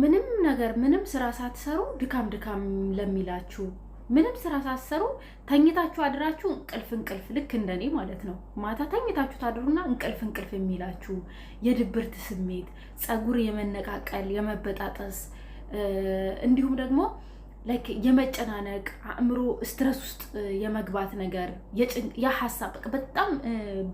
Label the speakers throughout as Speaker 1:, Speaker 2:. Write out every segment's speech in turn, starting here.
Speaker 1: ምንም ነገር ምንም ስራ ሳትሰሩ ድካም ድካም ለሚላችሁ ምንም ስራ ሳትሰሩ ተኝታችሁ አድራችሁ እንቅልፍ እንቅልፍ ልክ እንደኔ ማለት ነው። ማታ ተኝታችሁ ታድሩና እንቅልፍ እንቅልፍ የሚላችሁ የድብርት ስሜት፣ ፀጉር የመነቃቀል የመበጣጠስ እንዲሁም ደግሞ ላይክ የመጨናነቅ አእምሮ ስትረስ ውስጥ የመግባት ነገር የሀሳብ በጣም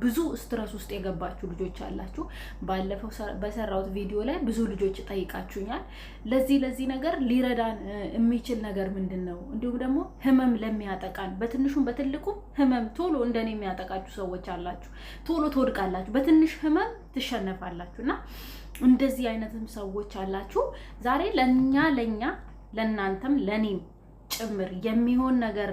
Speaker 1: ብዙ ስትረስ ውስጥ የገባችሁ ልጆች አላችሁ። ባለፈው በሰራሁት ቪዲዮ ላይ ብዙ ልጆች ጠይቃችሁኛል። ለዚህ ለዚህ ነገር ሊረዳን የሚችል ነገር ምንድን ነው? እንዲሁም ደግሞ ህመም ለሚያጠቃን በትንሹም በትልቁም ህመም ቶሎ እንደኔ የሚያጠቃችሁ ሰዎች አላችሁ። ቶሎ ትወድቃላችሁ፣ በትንሽ ህመም ትሸነፋላችሁ እና እንደዚህ አይነትም ሰዎች አላችሁ። ዛሬ ለእኛ ለእኛ ለእናንተም ለእኔም ጭምር የሚሆን ነገር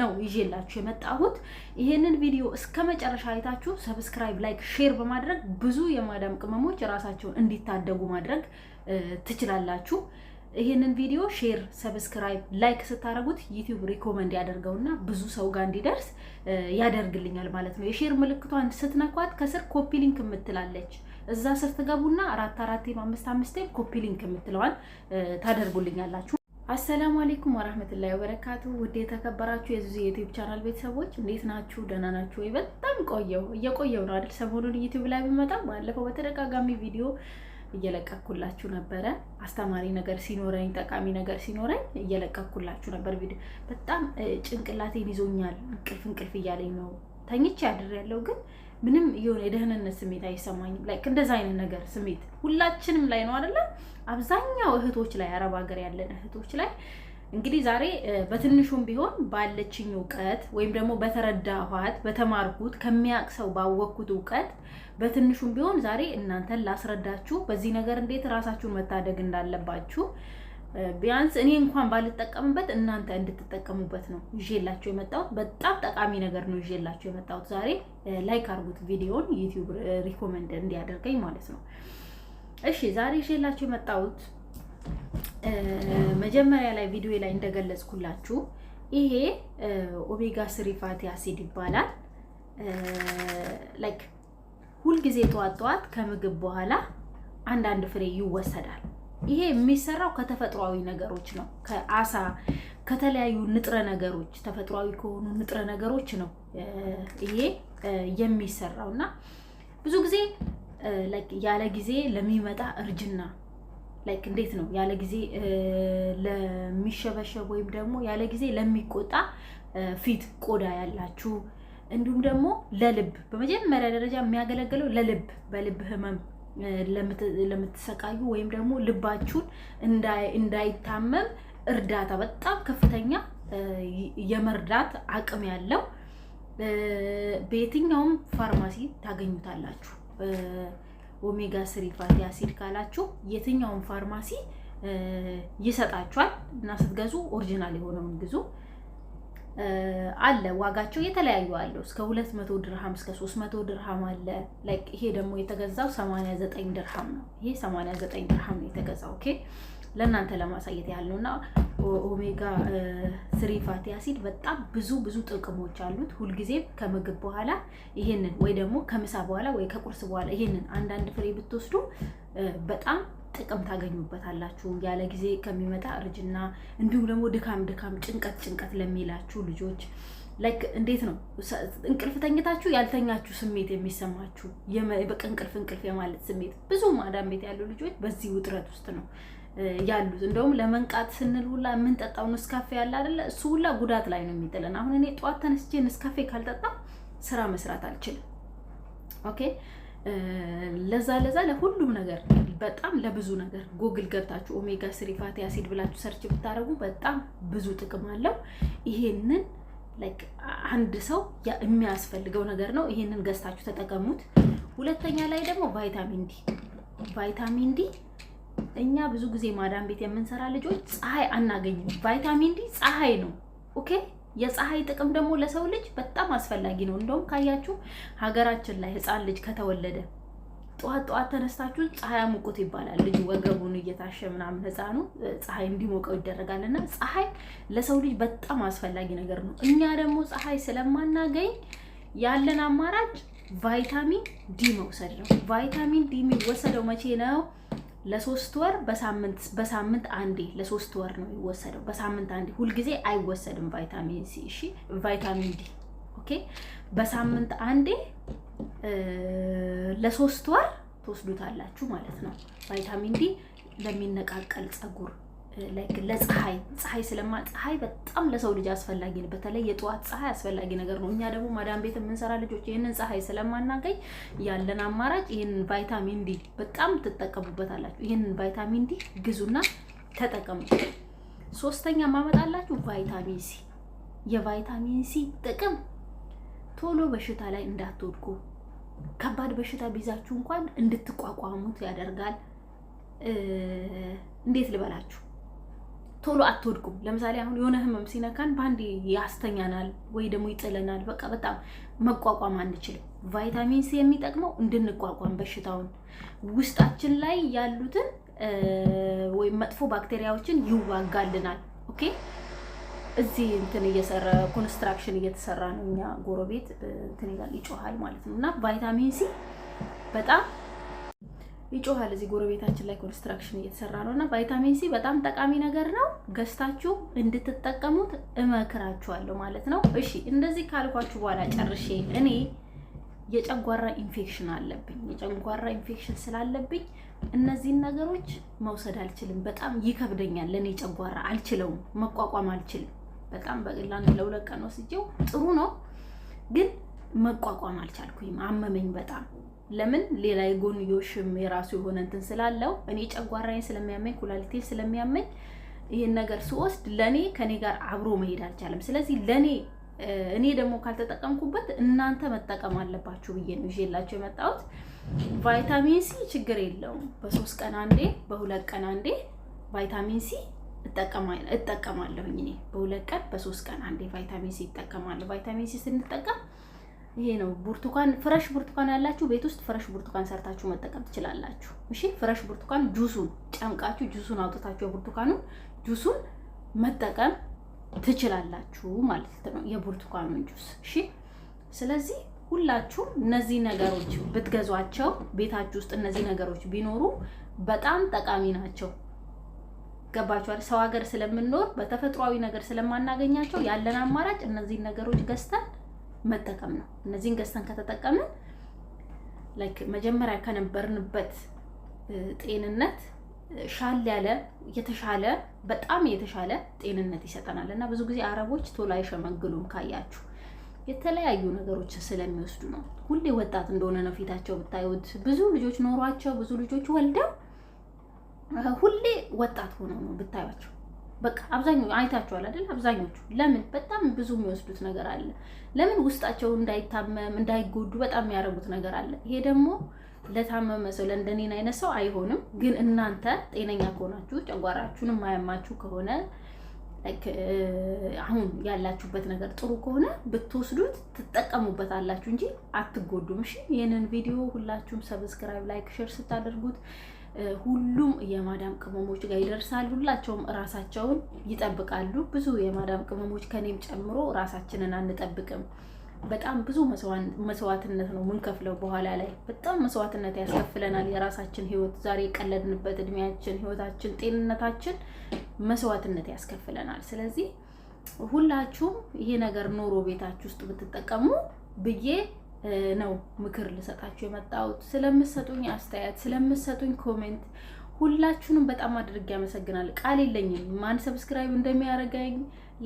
Speaker 1: ነው ይዤላችሁ የመጣሁት። ይህንን ቪዲዮ እስከ መጨረሻ አይታችሁ ሰብስክራይብ፣ ላይክ፣ ሼር በማድረግ ብዙ የማዳም ቅመሞች ራሳቸውን እንዲታደጉ ማድረግ ትችላላችሁ። ይህንን ቪዲዮ ሼር፣ ሰብስክራይብ፣ ላይክ ስታደርጉት ዩቲዩብ ሪኮመንድ ያደርገውና ብዙ ሰው ጋር እንዲደርስ ያደርግልኛል ማለት ነው። የሼር ምልክቷን ስትነኳት ከስር ኮፒ ሊንክ የምትላለች እዛ ስር ትገቡና አራት አራት አምስት አምስት ኮፒ ሊንክ የምትለዋን ታደርጉልኛላችሁ አሰላሙ አሌይኩም ወራህመቱላሂ ወበረካቱ። ውድ የተከበራችሁ የዙዚ ዩቲዩብ ቻናል ቤተሰቦች እንዴት ናችሁ? ደህና ናችሁ ወይ? በጣም ቆየው እየቆየው ነው አይደል? ሰሞኑን ዩቲዩብ ላይ ብመጣም ባለፈው በተደጋጋሚ ቪዲዮ እየለቀኩላችሁ ነበረ። አስተማሪ ነገር ሲኖረኝ፣ ጠቃሚ ነገር ሲኖረኝ እየለቀኩላችሁ ነበር ቪዲዮ። በጣም ጭንቅላቴን ይዞኛል። እንቅልፍ እንቅልፍ እያለኝ ነው። ተኝቼ አድሬያለሁ ግን ምንም የሆነ የደህንነት ስሜት አይሰማኝም። ላይክ እንደዛ አይነት ነገር ስሜት ሁላችንም ላይ ነው አደለ? አብዛኛው እህቶች ላይ አረብ ሀገር ያለን እህቶች ላይ እንግዲህ ዛሬ በትንሹም ቢሆን ባለችኝ እውቀት ወይም ደግሞ በተረዳኋት በተማርኩት ከሚያቅሰው ባወቅኩት እውቀት በትንሹም ቢሆን ዛሬ እናንተን ላስረዳችሁ በዚህ ነገር እንዴት ራሳችሁን መታደግ እንዳለባችሁ ቢያንስ እኔ እንኳን ባልጠቀምበት እናንተ እንድትጠቀሙበት ነው ይዤላችሁ የመጣሁት። በጣም ጠቃሚ ነገር ነው ይዤላችሁ የመጣሁት ዛሬ። ላይክ አርጉት ቪዲዮን፣ ዩቲዩብ ሪኮመንድ እንዲያደርገኝ ማለት ነው። እሺ ዛሬ ይዤላችሁ የመጣሁት መጀመሪያ ላይ ቪዲዮ ላይ እንደገለጽኩላችሁ ይሄ ኦሜጋ ስሪ ፋቲ አሲድ ይባላል። ላይክ ሁልጊዜ ጠዋት ጠዋት ከምግብ በኋላ አንዳንድ ፍሬ ይወሰዳል። ይሄ የሚሰራው ከተፈጥሯዊ ነገሮች ነው። ከአሳ ከተለያዩ ንጥረ ነገሮች ተፈጥሯዊ ከሆኑ ንጥረ ነገሮች ነው ይሄ የሚሰራው እና ብዙ ጊዜ ያለ ጊዜ ለሚመጣ እርጅና ላይክ እንዴት ነው ያለ ጊዜ ለሚሸበሸብ ወይም ደግሞ ያለ ጊዜ ለሚቆጣ ፊት ቆዳ ያላችሁ እንዲሁም ደግሞ ለልብ በመጀመሪያ ደረጃ የሚያገለግለው ለልብ በልብ ህመም ለምትሰቃዩ ወይም ደግሞ ልባችሁን እንዳይታመም እርዳታ በጣም ከፍተኛ የመርዳት አቅም ያለው በየትኛውም ፋርማሲ ታገኙታላችሁ። ኦሜጋ ስሪ ፋቲ አሲድ ካላችሁ የትኛውም ፋርማሲ ይሰጣችኋል እና ስትገዙ ኦሪጂናል የሆነውን ግዙ። አለ ዋጋቸው የተለያዩ አለ እስከ 200 ድርሃም እስከ 300 ድርሃም አለ። ላይክ ይሄ ደግሞ የተገዛው 89 ድርሃም ነው። ይሄ 89 ድርሃም ነው የተገዛው። ኦኬ ለእናንተ ለማሳየት ያህል ነው። እና ኦሜጋ ስሪ ፋቲ አሲድ በጣም ብዙ ብዙ ጥቅሞች አሉት። ሁልጊዜም ከምግብ በኋላ ይሄንን ወይ ደግሞ ከምሳ በኋላ ወይ ከቁርስ በኋላ ይሄንን አንዳንድ ፍሬ ብትወስዱ በጣም ጥቅም ታገኙበታላችሁ። ያለ ጊዜ ከሚመጣ እርጅና እንዲሁም ደግሞ ድካም ድካም ጭንቀት ጭንቀት ለሚላችሁ ልጆች ላይክ እንዴት ነው እንቅልፍ ተኝታችሁ ያልተኛችሁ ስሜት የሚሰማችሁ በቃ እንቅልፍ እንቅልፍ የማለት ስሜት ብዙ ማዳም ቤት ያሉ ልጆች በዚህ ውጥረት ውስጥ ነው ያሉት። እንደውም ለመንቃት ስንል ሁላ የምንጠጣው ንስካፌ ያለ አይደለ? እሱ ሁላ ጉዳት ላይ ነው የሚጥለን። አሁን እኔ ጠዋት ተነስቼ ንስካፌ ካልጠጣ ስራ መስራት አልችልም። ኦኬ ለዛ ለዛ ለሁሉም ነገር በጣም ለብዙ ነገር ጎግል ገብታችሁ ኦሜጋ ስሪ ፋቲ አሲድ ብላችሁ ሰርች ብታደረጉ በጣም ብዙ ጥቅም አለው። ይሄንን አንድ ሰው የሚያስፈልገው ነገር ነው። ይሄንን ገዝታችሁ ተጠቀሙት። ሁለተኛ ላይ ደግሞ ቫይታሚን ዲ ቫይታሚን ዲ እኛ ብዙ ጊዜ ማዳም ቤት የምንሰራ ልጆች ፀሐይ አናገኝም። ቫይታሚን ዲ ፀሐይ ነው። ኦኬ የፀሐይ ጥቅም ደግሞ ለሰው ልጅ በጣም አስፈላጊ ነው። እንደውም ካያችሁ ሀገራችን ላይ ህፃን ልጅ ከተወለደ ጠዋት ጠዋት ተነስታችሁ ፀሐይ አሞቁት ይባላል። ልጅ ወገቡን እየታሸ ምናምን ህፃኑ ፀሐይ እንዲሞቀው ይደረጋል። እና ፀሐይ ለሰው ልጅ በጣም አስፈላጊ ነገር ነው። እኛ ደግሞ ፀሐይ ስለማናገኝ ያለን አማራጭ ቫይታሚን ዲ መውሰድ ነው። ቫይታሚን ዲ የሚወሰደው መቼ ነው? ለሶስት ወር በሳምንት በሳምንት አንዴ ለሶስት ወር ነው የሚወሰደው፣ በሳምንት አንዴ። ሁልጊዜ አይወሰድም ቫይታሚን ሲ። እሺ ቫይታሚን ዲ ኦኬ፣ በሳምንት አንዴ ለሶስት ወር ትወስዱታላችሁ ማለት ነው። ቫይታሚን ዲ ለሚነቃቀል ጸጉር ለፀሐይ ፀሐይ ስለማ ፀሐይ በጣም ለሰው ልጅ አስፈላጊ ነው። በተለይ የጠዋት ፀሐይ አስፈላጊ ነገር ነው። እኛ ደግሞ ማዳም ቤት የምንሰራ ልጆች ይህንን ፀሐይ ስለማናገኝ ያለን አማራጭ ይህንን ቫይታሚን ዲ በጣም ትጠቀሙበታላችሁ። ይህንን ቫይታሚን ዲ ግዙና ተጠቀሙ። ሶስተኛ ማመጣላችሁ ቫይታሚን ሲ። የቫይታሚን ሲ ጥቅም ቶሎ በሽታ ላይ እንዳትወድቁ ከባድ በሽታ ቢይዛችሁ እንኳን እንድትቋቋሙት ያደርጋል። እንዴት ልበላችሁ፣ ቶሎ አትወድቁም። ለምሳሌ አሁን የሆነ ህመም ሲነካን በአንድ ያስተኛናል ወይ ደግሞ ይጥለናል። በቃ በጣም መቋቋም አንችልም። ቫይታሚን ሲ የሚጠቅመው እንድንቋቋም በሽታውን ውስጣችን ላይ ያሉትን ወይም መጥፎ ባክቴሪያዎችን ይዋጋልናል። ኦኬ እዚህ እንትን እየሰራ ኮንስትራክሽን እየተሰራ ነው። እኛ ጎረቤት እንትን ይላል ይጮሃል ማለት ነው። እና ቫይታሚን ሲ በጣም ይጮሃል። እዚህ ጎረቤታችን ላይ ኮንስትራክሽን እየተሰራ ነው። እና ቫይታሚን ሲ በጣም ጠቃሚ ነገር ነው። ገዝታችሁ እንድትጠቀሙት እመክራችኋለሁ ማለት ነው። እሺ፣ እንደዚህ ካልኳችሁ በኋላ ጨርሼ እኔ የጨጓራ ኢንፌክሽን አለብኝ። የጨጓራ ኢንፌክሽን ስላለብኝ እነዚህን ነገሮች መውሰድ አልችልም። በጣም ይከብደኛል። ለእኔ ጨጓራ አልችለውም፣ መቋቋም አልችልም። በጣም በላን ለሁለት ቀን ወስጄው ጥሩ ነው፣ ግን መቋቋም አልቻልኩኝም። አመመኝ በጣም ለምን ሌላ የጎንዮሽም የራሱ የሆነ እንትን ስላለው እኔ ጨጓራዬን ስለሚያመኝ ኩላሊቴን ስለሚያመኝ ይህን ነገር ስወስድ ለእኔ ከኔ ጋር አብሮ መሄድ አልቻለም። ስለዚህ ለእኔ እኔ ደግሞ ካልተጠቀምኩበት እናንተ መጠቀም አለባችሁ ብዬ ነው ይዤላቸው የመጣሁት። ቫይታሚን ሲ ችግር የለውም። በሶስት ቀን አንዴ፣ በሁለት ቀን አንዴ ቫይታሚን ሲ እጠቀማለሁ እኔ በሁለት ቀን በሶስት ቀን አንዴ ቫይታሚን ሲ እጠቀማለሁ። ቫይታሚን ሲ ስንጠቀም ይሄ ነው። ብርቱካን ፍረሽ ብርቱካን ያላችሁ ቤት ውስጥ ፍረሽ ብርቱካን ሰርታችሁ መጠቀም ትችላላችሁ። እሺ ፍረሽ ብርቱካን ጁሱን ጨምቃችሁ ጁሱን አውጥታችሁ የብርቱካኑን ጁሱን መጠቀም ትችላላችሁ ማለት ነው፣ የብርቱካኑን ጁስ። እሺ ስለዚህ ሁላችሁም እነዚህ ነገሮች ብትገዟቸው ቤታችሁ ውስጥ እነዚህ ነገሮች ቢኖሩ በጣም ጠቃሚ ናቸው። ገባችኋል? ሰው ሀገር ስለምንኖር በተፈጥሯዊ ነገር ስለማናገኛቸው ያለን አማራጭ እነዚህን ነገሮች ገዝተን መጠቀም ነው። እነዚህን ገዝተን ከተጠቀምን ላይክ መጀመሪያ ከነበርንበት ጤንነት ሻል ያለ የተሻለ በጣም የተሻለ ጤንነት ይሰጠናል። እና ብዙ ጊዜ አረቦች ቶሎ አይሸመግሉም ካያችሁ የተለያዩ ነገሮች ስለሚወስዱ ነው። ሁሌ ወጣት እንደሆነ ነው ፊታቸው ብታዩት። ብዙ ልጆች ኖሯቸው ብዙ ልጆች ወልደው ሁሌ ወጣት ሆነው ነው ብታያቸው። በቃ አብዛኛው አይታችኋል አይደል? አብዛኞቹ ለምን በጣም ብዙ የሚወስዱት ነገር አለ። ለምን ውስጣቸው እንዳይታመም እንዳይጎዱ በጣም የሚያደርጉት ነገር አለ። ይሄ ደግሞ ለታመመ ሰው ለእንደኔን አይነት ሰው አይሆንም። ግን እናንተ ጤነኛ ከሆናችሁ ጨጓራችሁን የማያማችሁ ከሆነ አሁን ያላችሁበት ነገር ጥሩ ከሆነ ብትወስዱት ትጠቀሙበት አላችሁ እንጂ አትጎዱም። እሺ፣ ይህንን ቪዲዮ ሁላችሁም ሰብስክራይብ፣ ላይክ፣ ሼር ስታደርጉት ሁሉም የማዳም ቅመሞች ጋር ይደርሳል። ሁላቸውም ራሳቸውን ይጠብቃሉ። ብዙ የማዳም ቅመሞች ከኔም ጨምሮ ራሳችንን አንጠብቅም። በጣም ብዙ መስዋዕትነት ነው ምንከፍለው። በኋላ ላይ በጣም መስዋዕትነት ያስከፍለናል የራሳችን ህይወት፣ ዛሬ የቀለድንበት እድሜያችን፣ ህይወታችን፣ ጤንነታችን መስዋዕትነት ያስከፍለናል። ስለዚህ ሁላችሁም ይሄ ነገር ኖሮ ቤታችሁ ውስጥ ብትጠቀሙ ብዬ ነው ምክር ልሰጣችሁ የመጣሁት። ስለምሰጡኝ አስተያየት፣ ስለምሰጡኝ ኮሜንት ሁላችሁንም በጣም አድርጌ ያመሰግናል። ቃል የለኝም። ማን ሰብስክራይብ እንደሚያደርገኝ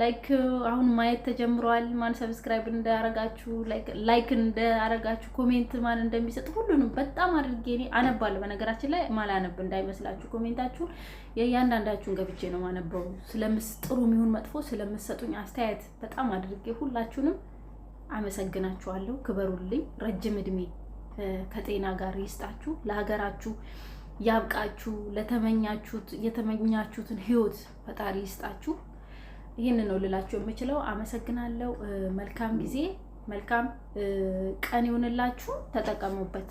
Speaker 1: ላይክ አሁን ማየት ተጀምሯል። ማን ሰብስክራይብ እንዳያረጋችሁ ላይክ እንዳያረጋችሁ ኮሜንት ማን እንደሚሰጥ ሁሉንም በጣም አድርጌ እኔ አነባለሁ። በነገራችን ላይ ማላነብ እንዳይመስላችሁ፣ ኮሜንታችሁን የእያንዳንዳችሁን ገብቼ ነው ማነበው። ስለምስጥሩ የሚሆን መጥፎ ስለምሰጡኝ አስተያየት በጣም አድርጌ ሁላችሁንም አመሰግናችኋለሁ። ክበሩልኝ። ረጅም እድሜ ከጤና ጋር ይስጣችሁ። ለሀገራችሁ ያብቃችሁ። ለተመኛችሁት የተመኛችሁትን ህይወት ፈጣሪ ይስጣችሁ። ይህን ነው ልላችሁ የምችለው። አመሰግናለሁ። መልካም ጊዜ መልካም ቀን ይሁንላችሁ። ተጠቀሙበት።